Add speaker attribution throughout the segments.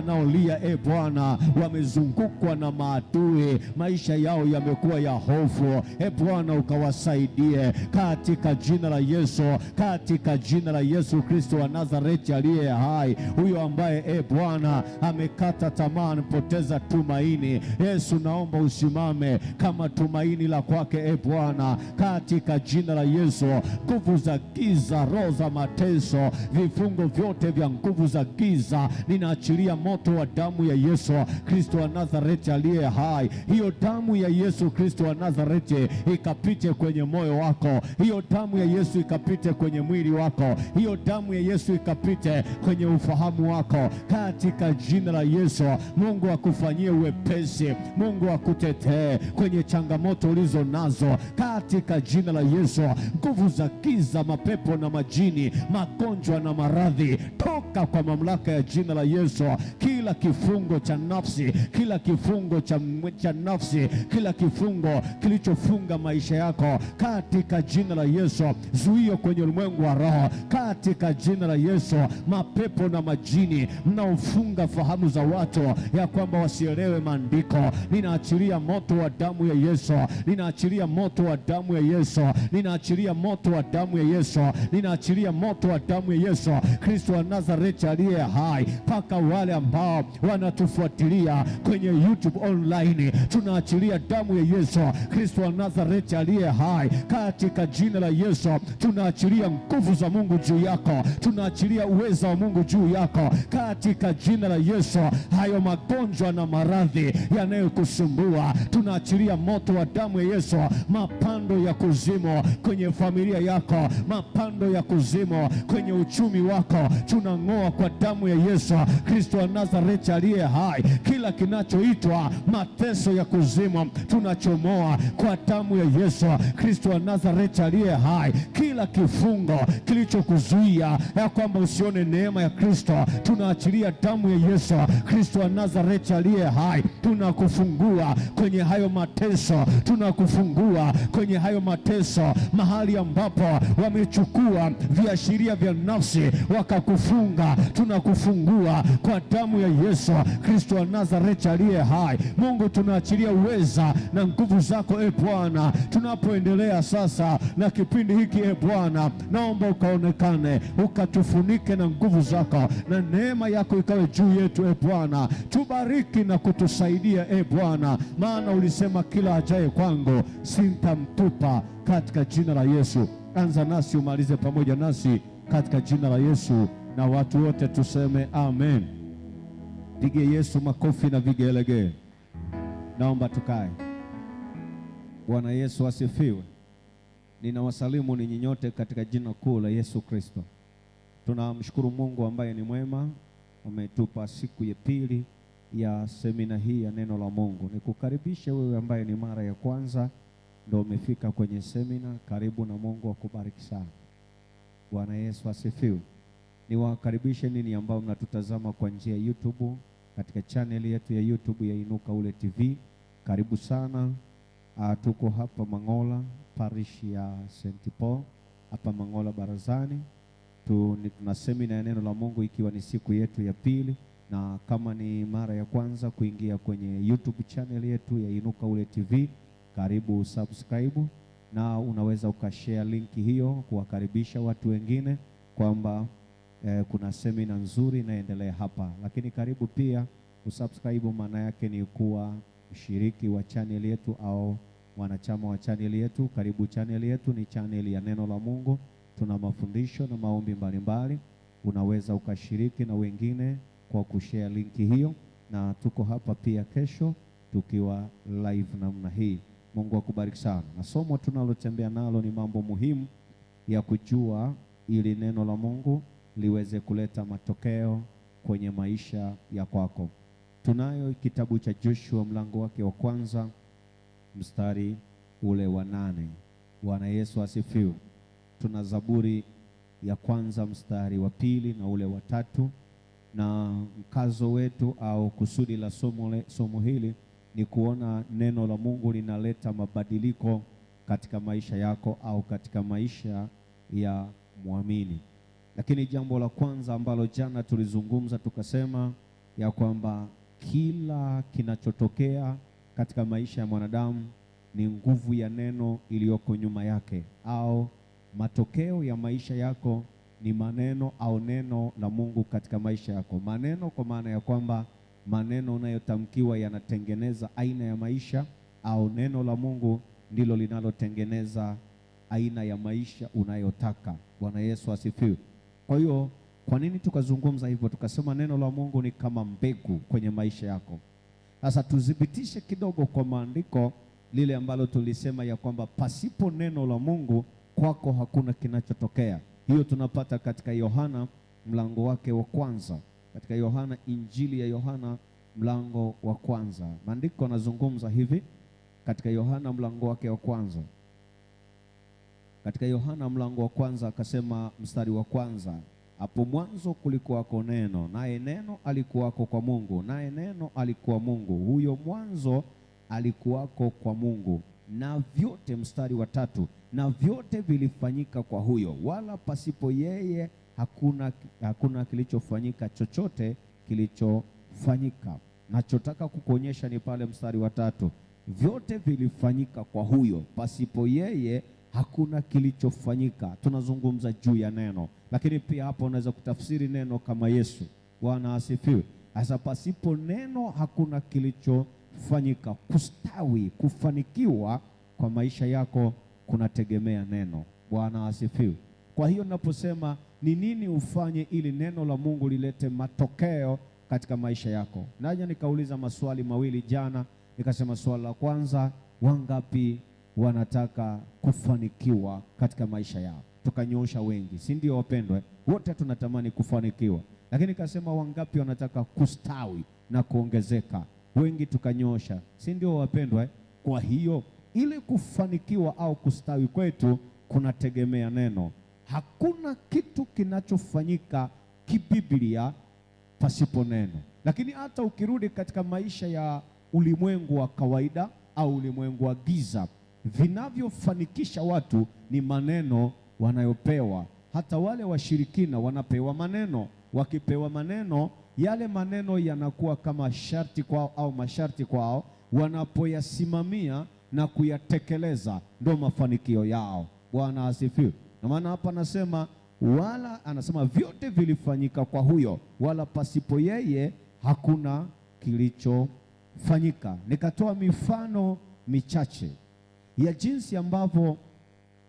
Speaker 1: wanaolia, e Bwana, wamezungukwa na maadui, maisha yao yamekuwa ya hofu. E Bwana, ukawasaidie katika jina la Yesu, katika jina la Yesu Kristo wa Nazareti aliye hai, huyo ambaye e Bwana amekata tamaa, amepoteza tumaini. Yesu, naomba usimame kama tumaini la kwake, e Bwana, katika jina la Yesu. Nguvu za giza, roho za mateso, vifungo vyote vya nguvu za giza ninaachilia moto wa damu ya Yesu Kristo wa Nazareti aliye hai. Hiyo damu ya Yesu Kristo wa Nazareti ikapite kwenye moyo wako, hiyo damu ya Yesu ikapite kwenye mwili wako, hiyo damu ya Yesu ikapite kwenye ufahamu wako, katika jina la Yesu. Mungu akufanyie uwepesi, Mungu akutetee kwenye changamoto ulizo nazo, katika jina la Yesu. Nguvu za giza, mapepo na majini, magonjwa na maradhi, toka kwa mamlaka ya jina la Yesu kila kifungo cha nafsi, kila kifungo cha, cha nafsi, kila kifungo kilichofunga maisha yako katika jina la Yesu, zuio kwenye ulimwengu wa roho katika jina la Yesu. Mapepo na majini mnaofunga fahamu za watu ya kwamba wasielewe maandiko, ninaachilia moto wa damu ya Yesu, ninaachilia moto wa damu ya Yesu, ninaachilia moto wa damu ya Yesu, ninaachilia moto wa damu ya Yesu Kristo wa Nazareti aliye hai, mpaka wale ambao wanatufuatilia kwenye YouTube online, tunaachilia damu ya Yesu Kristo wa Nazareti aliye hai. Katika jina la Yesu tunaachilia nguvu za Mungu juu yako, tunaachilia uweza wa Mungu juu yako, katika jina la Yesu. Hayo magonjwa na maradhi yanayokusumbua tunaachilia moto wa damu ya Yesu, mapando ya kuzimo kwenye familia yako, mapando ya kuzimo kwenye uchumi wako tunang'oa kwa damu ya Yesu Kristo Nazareti aliye hai. Kila kinachoitwa mateso ya kuzimwa tunachomoa kwa damu ya Yesu Kristo wa Nazareti aliye hai. Kila kifungo kilichokuzuia ya kwamba usione neema ya Kristo tunaachilia damu ya Yesu Kristo wa Nazareti aliye hai. Tunakufungua kwenye hayo mateso, tunakufungua kwenye hayo mateso, mahali ambapo wamechukua viashiria vya nafsi wakakufunga, tunakufungua kwa damu ya Yesu Kristo wa Nazareti aliye hai. Mungu, tunaachilia uweza na nguvu zako e Bwana, tunapoendelea sasa na kipindi hiki e Bwana, naomba ukaonekane, ukatufunike na nguvu zako na neema yako ikawe juu yetu e Bwana, tubariki na kutusaidia e Bwana, maana ulisema kila ajaye kwangu sintamtupa, katika jina la Yesu. Anza nasi umalize pamoja nasi katika jina la Yesu, na watu wote tuseme amen
Speaker 2: pige Yesu makofi na vigelegele Naomba tukae. Bwana Yesu asifiwe. Ninawasalimu ninyi nyote katika jina kuu la Yesu Kristo. Tunamshukuru Mungu ambaye ni mwema, ametupa siku ya pili ya semina hii ya neno la Mungu. Nikukaribishe wewe ambaye ni mara ya kwanza ndio umefika kwenye semina, karibu na Mungu akubariki sana. Bwana Yesu asifiwe. Niwakaribishe ninyi ambao mnatutazama kwa njia ya YouTube katika channel yetu ya YouTube ya Inuka Ule TV. Karibu sana. Uh, tuko hapa Mang'ola, parish ya St. Paul hapa Mang'ola barazani. Tuna semina ya neno la Mungu ikiwa ni siku yetu ya pili, na kama ni mara ya kwanza kuingia kwenye YouTube channel yetu ya Inuka Ule TV, karibu subscribe, na unaweza ukashare linki hiyo kuwakaribisha watu wengine kwamba eh, kuna semina nzuri inaendelea hapa, lakini karibu pia kusubscribe, maana yake ni kuwa mshiriki wa channel yetu au mwanachama wa channel yetu. Karibu, channel yetu ni channel ya neno la Mungu, tuna mafundisho na maombi mbalimbali. Unaweza ukashiriki na wengine kwa kushare linki hiyo, na tuko hapa pia kesho tukiwa live namna hii. Mungu akubariki sana, na somo tunalotembea nalo ni mambo muhimu ya kujua ili neno la Mungu liweze kuleta matokeo kwenye maisha ya kwako. Tunayo kitabu cha Joshua mlango wake wa kwanza mstari ule wa nane. Bwana Yesu asifiwe. Tuna Zaburi ya kwanza mstari wa pili na ule wa tatu, na mkazo wetu au kusudi la somo, le, somo hili ni kuona neno la Mungu linaleta mabadiliko katika maisha yako au katika maisha ya mwamini. Lakini jambo la kwanza ambalo jana tulizungumza tukasema ya kwamba kila kinachotokea katika maisha ya mwanadamu ni nguvu ya neno iliyoko nyuma yake, au matokeo ya maisha yako ni maneno au neno la Mungu katika maisha yako. Maneno kwa maana ya kwamba maneno unayotamkiwa yanatengeneza aina ya maisha, au neno la Mungu ndilo linalotengeneza aina ya maisha unayotaka. Bwana Yesu asifiwe. Kwa hiyo kwa nini tukazungumza hivyo? Tukasema neno la Mungu ni kama mbegu kwenye maisha yako. Sasa tuthibitishe kidogo kwa maandiko lile ambalo tulisema ya kwamba pasipo neno la Mungu kwako hakuna kinachotokea. Hiyo tunapata katika Yohana mlango wake wa kwanza, katika Yohana, injili ya Yohana mlango wa kwanza, maandiko yanazungumza hivi katika Yohana mlango wake wa kwanza katika Yohana mlango wa kwanza akasema mstari wa kwanza, hapo mwanzo kulikuwako neno, naye neno alikuwako kwa Mungu, naye neno alikuwa Mungu. Huyo mwanzo alikuwako kwa Mungu, na vyote, mstari wa tatu, na vyote vilifanyika kwa huyo, wala pasipo yeye hakuna, hakuna kilichofanyika chochote kilichofanyika. Nachotaka kukuonyesha ni pale mstari wa tatu, vyote vilifanyika kwa huyo, pasipo yeye hakuna kilichofanyika. Tunazungumza juu ya neno, lakini pia hapo unaweza kutafsiri neno kama Yesu. Bwana asifiwe. Sasa pasipo neno hakuna kilichofanyika. Kustawi, kufanikiwa kwa maisha yako kunategemea neno. Bwana asifiwe. Kwa hiyo naposema ni nini ufanye ili neno la Mungu lilete matokeo katika maisha yako, naja nikauliza maswali mawili jana, nikasema swali la kwanza, wangapi wanataka kufanikiwa katika maisha yao. Tukanyoosha wengi, si ndio wapendwa? Wote tunatamani kufanikiwa, lakini kasema wangapi wanataka kustawi na kuongezeka? Wengi tukanyoosha, si ndio wapendwa? Kwa hiyo ili kufanikiwa au kustawi kwetu kunategemea neno. Hakuna kitu kinachofanyika kibiblia pasipo neno. Lakini hata ukirudi katika maisha ya ulimwengu wa kawaida au ulimwengu wa giza Vinavyofanikisha watu ni maneno wanayopewa. Hata wale washirikina wanapewa maneno, wakipewa maneno yale maneno yanakuwa kama sharti kwao au masharti kwao, wanapoyasimamia na kuyatekeleza ndo mafanikio yao. Bwana asifiwe. Na maana hapa anasema wala, anasema vyote vilifanyika kwa huyo, wala pasipo yeye hakuna kilichofanyika. Nikatoa mifano michache ya jinsi ambavyo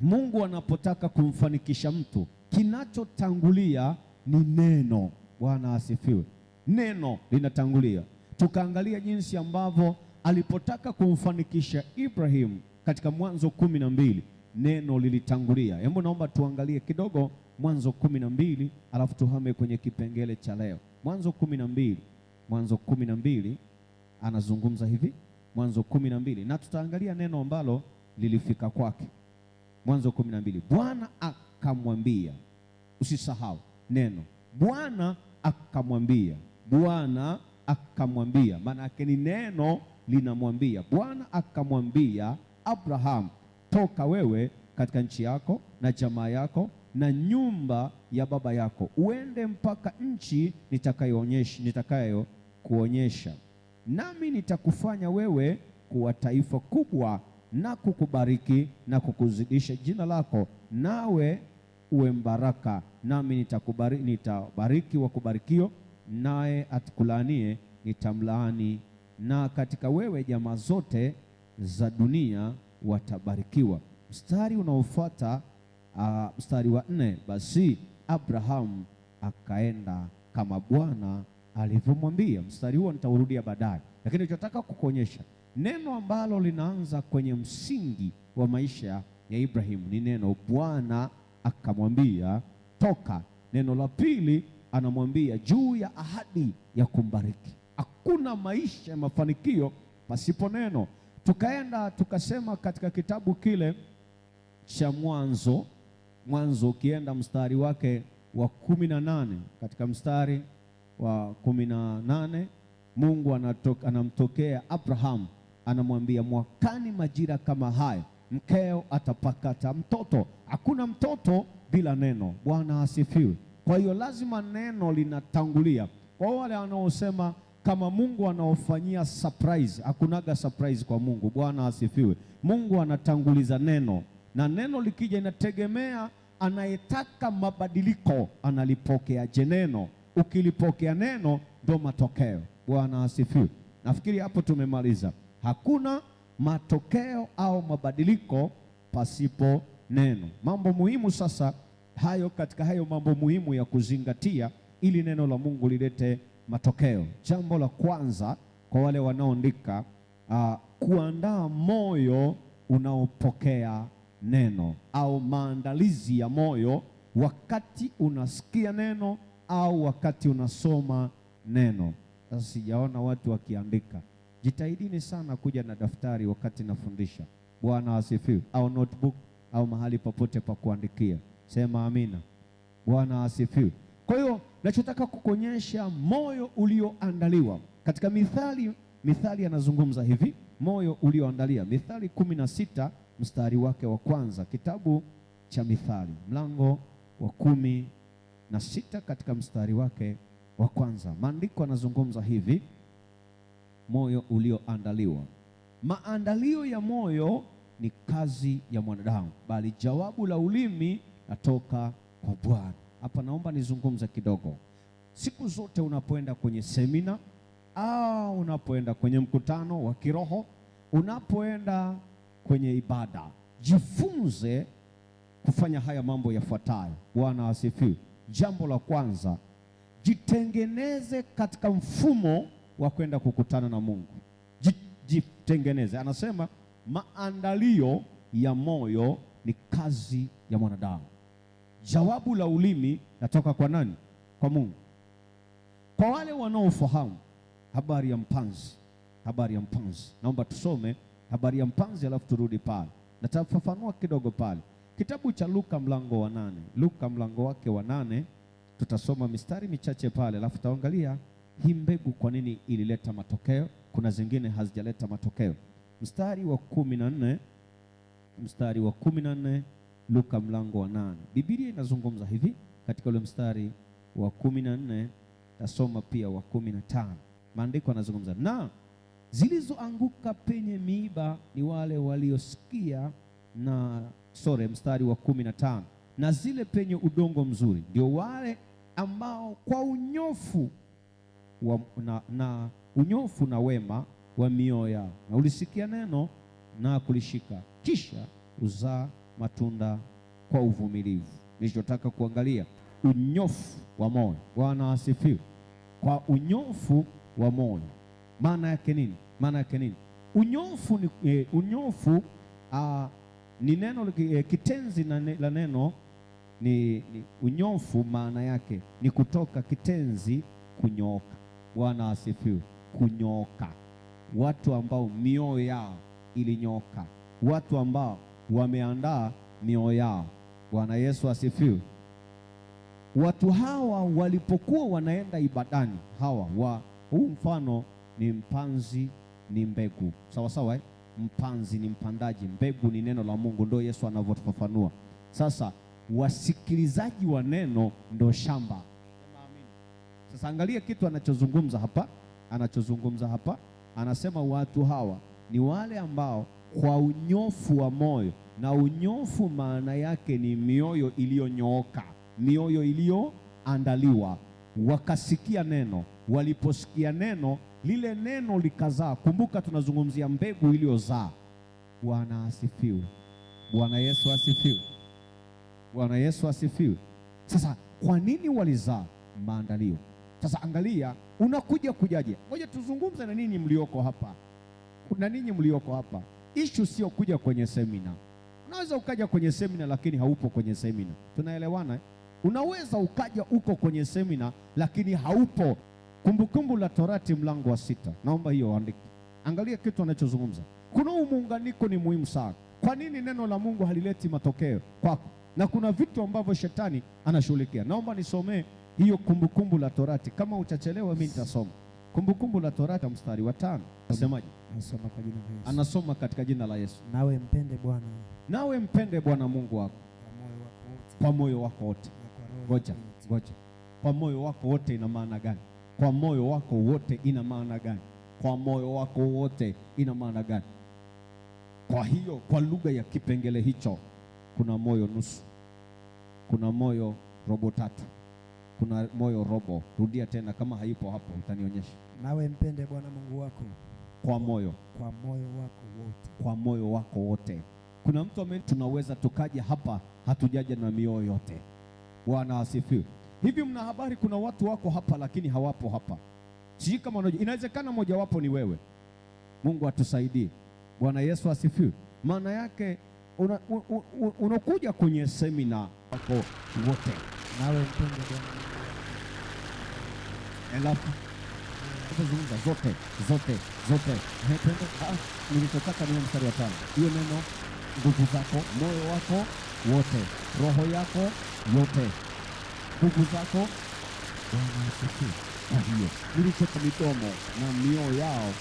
Speaker 2: Mungu anapotaka kumfanikisha mtu, kinachotangulia ni neno. Bwana asifiwe. Neno linatangulia. Tukaangalia jinsi ambavyo alipotaka kumfanikisha Ibrahimu katika Mwanzo kumi na mbili neno lilitangulia. Hebu naomba tuangalie kidogo Mwanzo kumi na mbili alafu tuhame kwenye kipengele cha leo. Mwanzo kumi na mbili Mwanzo kumi na mbili anazungumza hivi Mwanzo kumi na mbili na tutaangalia neno ambalo lilifika kwake. Mwanzo kumi na mbili Bwana akamwambia, usisahau neno Bwana akamwambia. Bwana akamwambia, maana yake ni neno linamwambia. Bwana akamwambia Abrahamu, toka wewe katika nchi yako na jamaa yako na nyumba ya baba yako, uende mpaka nchi nitakayoonyesha nitakayo kuonyesha nami nitakufanya wewe kuwa taifa kubwa na kukubariki na kukuzidisha jina lako, nawe uwe mbaraka, nami nitakubariki, nitabariki wa kubarikio, naye atukulaanie nitamlaani, na katika wewe jamaa zote za dunia watabarikiwa. Mstari unaofuata uh, mstari wa nne, basi Abrahamu akaenda kama Bwana alivyomwambia. Mstari huo nitaurudia baadaye, lakini nilichotaka kukuonyesha neno ambalo linaanza kwenye msingi wa maisha ya Ibrahimu ni neno Bwana akamwambia toka. Neno la pili anamwambia juu ya ahadi ya kumbariki. Hakuna maisha ya mafanikio pasipo neno. Tukaenda tukasema katika kitabu kile cha Mwanzo, Mwanzo ukienda mstari wake wa kumi na nane katika mstari wa kumi na nane Mungu anatoka, anamtokea Abraham anamwambia mwakani majira kama haya mkeo atapakata mtoto. Hakuna mtoto bila neno. Bwana asifiwe. Kwa hiyo lazima neno linatangulia. Kwa wale wanaosema kama Mungu anaofanyia surprise, hakunaga surprise kwa Mungu. Bwana asifiwe. Mungu anatanguliza neno, na neno likija, inategemea anayetaka mabadiliko analipokeaje neno ukilipokea neno ndo matokeo. Bwana asifiwe. Nafikiri hapo tumemaliza. Hakuna matokeo au mabadiliko pasipo neno. Mambo muhimu sasa hayo, katika hayo mambo muhimu ya kuzingatia ili neno la Mungu lilete matokeo. Jambo la kwanza kwa wale wanaoandika, uh, kuandaa moyo unaopokea neno au maandalizi ya moyo wakati unasikia neno au wakati unasoma neno. Sasa sijaona watu wakiandika. Jitahidini sana kuja na daftari wakati nafundisha. Bwana asifiwe. Au notebook au mahali popote pa kuandikia. Sema amina. Bwana asifiwe. Kwa hiyo nachotaka kukuonyesha moyo ulioandaliwa katika Mithali. Mithali anazungumza hivi, moyo ulioandalia. Mithali kumi na sita mstari wake wa kwanza, kitabu cha Mithali mlango wa kumi na sita katika mstari wake wa kwanza maandiko yanazungumza hivi, moyo ulioandaliwa. Maandalio ya moyo ni kazi ya mwanadamu, bali jawabu la ulimi natoka kwa Bwana. Hapa naomba nizungumze kidogo. Siku zote unapoenda kwenye semina au unapoenda kwenye mkutano wa kiroho, unapoenda kwenye ibada, jifunze kufanya haya mambo yafuatayo. Bwana asifiwe. Jambo la kwanza, jitengeneze katika mfumo wa kwenda kukutana na Mungu. Jitengeneze, anasema maandalio ya moyo ni kazi ya mwanadamu. Jawabu la ulimi natoka kwa nani? Kwa Mungu. Kwa wale wanaofahamu habari ya mpanzi, habari ya mpanzi, naomba tusome habari ya mpanzi, alafu turudi pale, natafafanua kidogo pale Kitabu cha Luka mlango wa nane, Luka mlango wake wa nane, tutasoma mistari michache pale, alafu tutaangalia hii mbegu kwa nini ilileta matokeo. Kuna zingine hazijaleta matokeo. Mstari wa kumi na nne, mstari wa kumi na nne, Luka mlango wa nane, Biblia inazungumza hivi katika ule mstari wa kumi na nne, tasoma pia wa kumi na tano. Maandiko yanazungumza na zilizoanguka penye miiba ni wale waliosikia na sore mstari wa kumi na tano na zile penye udongo mzuri ndio wale ambao kwa unyofu wa, na, na unyofu na wema wa mioyo yao na ulisikia neno na kulishika, kisha uzaa matunda kwa uvumilivu. Nilichotaka kuangalia unyofu wa moyo. Bwana asifiwe. Kwa unyofu wa moyo maana yake nini? Maana yake nini? Unyofu ni eh, unyofu ah, ni neno eh, kitenzi na ne, la neno ni, ni unyofu. Maana yake ni kutoka kitenzi kunyooka. Bwana asifiwe. Kunyooka, watu ambao mioyo yao ilinyoka, watu ambao wameandaa mioyo yao. Bwana Yesu asifiwe. Watu hawa walipokuwa wanaenda ibadani, hawa wa huu mfano ni mpanzi, ni mbegu, sawa sawa eh? mpanzi ni mpandaji, mbegu ni neno la Mungu, ndo Yesu anavyotufafanua. Sasa wasikilizaji wa neno ndo shamba. Sasa angalia kitu anachozungumza hapa, anachozungumza hapa, anasema watu hawa ni wale ambao kwa unyofu wa moyo, na unyofu maana yake ni mioyo iliyonyooka, mioyo iliyoandaliwa, wakasikia neno waliposikia neno lile, neno likazaa. Kumbuka tunazungumzia mbegu iliyozaa. Bwana asifiwe! Bwana Yesu asifiwe! Bwana Yesu asifiwe! Sasa kwa nini walizaa? Maandalio. Sasa angalia, unakuja kujaje? Ngoja tuzungumze na ninyi mlioko hapa, na ninyi mlioko hapa. Ishu sio kuja kwenye semina. Unaweza ukaja kwenye semina lakini haupo kwenye semina, tunaelewana eh? Unaweza ukaja uko kwenye semina lakini haupo Kumbukumbu la Torati mlango wa sita, naomba hiyo andike, Angalia kitu anachozungumza. Kuna huu muunganiko ni muhimu sana. Kwa nini neno la Mungu halileti matokeo kwako? Na kuna vitu ambavyo shetani anashughulikia. Naomba nisomee hiyo Kumbukumbu la Torati, kama utachelewa mimi nitasoma Kumbukumbu la Torati mstari wa tano. Anasemaje?
Speaker 3: Anasoma kwa jina la Yesu. Anasoma katika jina la Yesu. Nawe mpende Bwana.
Speaker 2: Nawe mpende Bwana Mungu wako kwa moyo wako wote. Ngoja, ngoja. Kwa moyo wako wote ina maana gani? kwa moyo wako wote ina maana gani? Kwa moyo wako wote ina maana gani? Kwa hiyo kwa lugha ya kipengele hicho kuna moyo nusu, kuna moyo robo tatu, kuna moyo robo. Rudia tena, kama haipo hapo utanionyesha.
Speaker 3: Nawe mpende Bwana Mungu wako kwa moyo, kwa moyo wako wote,
Speaker 2: kwa moyo wako wote. Kuna mtu ame, tunaweza tukaja hapa hatujaja na mioyo yote. Bwana asifiwe hivi mna habari kuna watu wako hapa lakini hawapo hapa, sijui kama unajua, inawezekana mojawapo ni wewe. Mungu atusaidie. Bwana Yesu asifiwe. Maana yake unakuja un, un, kwenye semina wako wote,
Speaker 3: nawe mtunge
Speaker 2: zungumza zote zote zote. Nilichotaka niwe mstari wa tano, hiyo neno nguvu zako, moyo wako wote, roho yako yote ndugu zako wanasikia, nilicheka na mioyo yao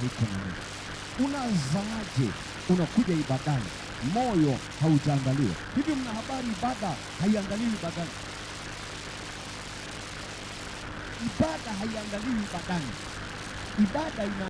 Speaker 2: haiko na Unazaaje? Unakuja ibadani, moyo haujaangaliwa. Hivi mna habari, ibada haiangaliwi badani Ibada haiangaliwi ibadani, ibada ina